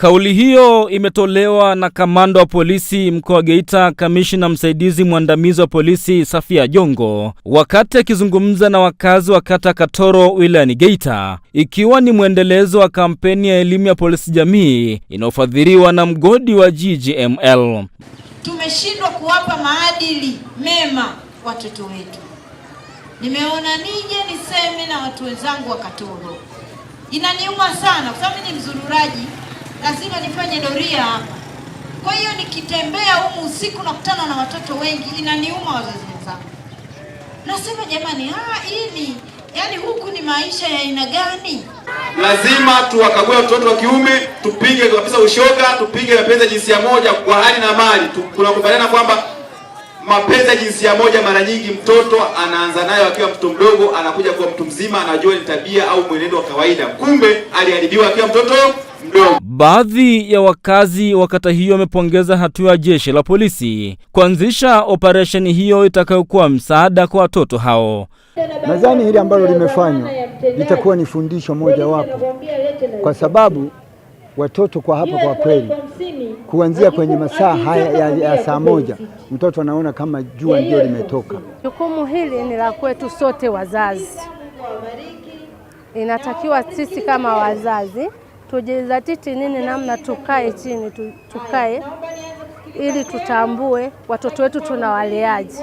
Kauli hiyo imetolewa na kamanda wa polisi mkoa wa Geita, kamishina msaidizi mwandamizi wa polisi Safia Jongo wakati akizungumza na wakazi wa kata Katoro wilayani Geita, ikiwa ni mwendelezo wa kampeni ya elimu ya polisi jamii inayofadhiliwa na mgodi wa GGML. Tumeshindwa kuwapa maadili mema watoto wetu. Nimeona nije niseme na watu wenzangu wa Katoro, inaniuma sana kwa sababu ni mzururaji nataka nifanye doria Kwa hiyo nikitembea humu usiku nakutana na watoto wengi, inaniuma wazazi wenzangu, nasema jamani, ah, hii ni yaani, huku ni maisha ya aina gani? Lazima tuwakague watoto wa kiume, tupige kabisa ushoga, tupige mapenzi ya jinsia moja kwa hali na mali. Tunakubaliana kwamba mapenzi ya jinsia moja mara nyingi mtoto anaanza nayo akiwa mtoto mdogo, anakuja kuwa mtu mzima, anajua ni tabia au mwenendo wa kawaida, kumbe aliharibiwa akiwa mtoto mdogo. Baadhi ya wakazi wa kata hiyo wamepongeza hatua ya jeshi la polisi kuanzisha operesheni hiyo itakayokuwa msaada kwa watoto hao. Nadhani hili ambalo limefanywa litakuwa ni fundisho mojawapo, kwa sababu watoto kwa hapa kwa kweli, kuanzia kwenye masaa haya ya, ya saa moja mtoto anaona kama jua ndio limetoka. Jukumu hili ni la kwetu sote wazazi, inatakiwa sisi kama wazazi tujizatiti nini, namna tukae chini, tukae ili tutambue watoto wetu tunawaleaje.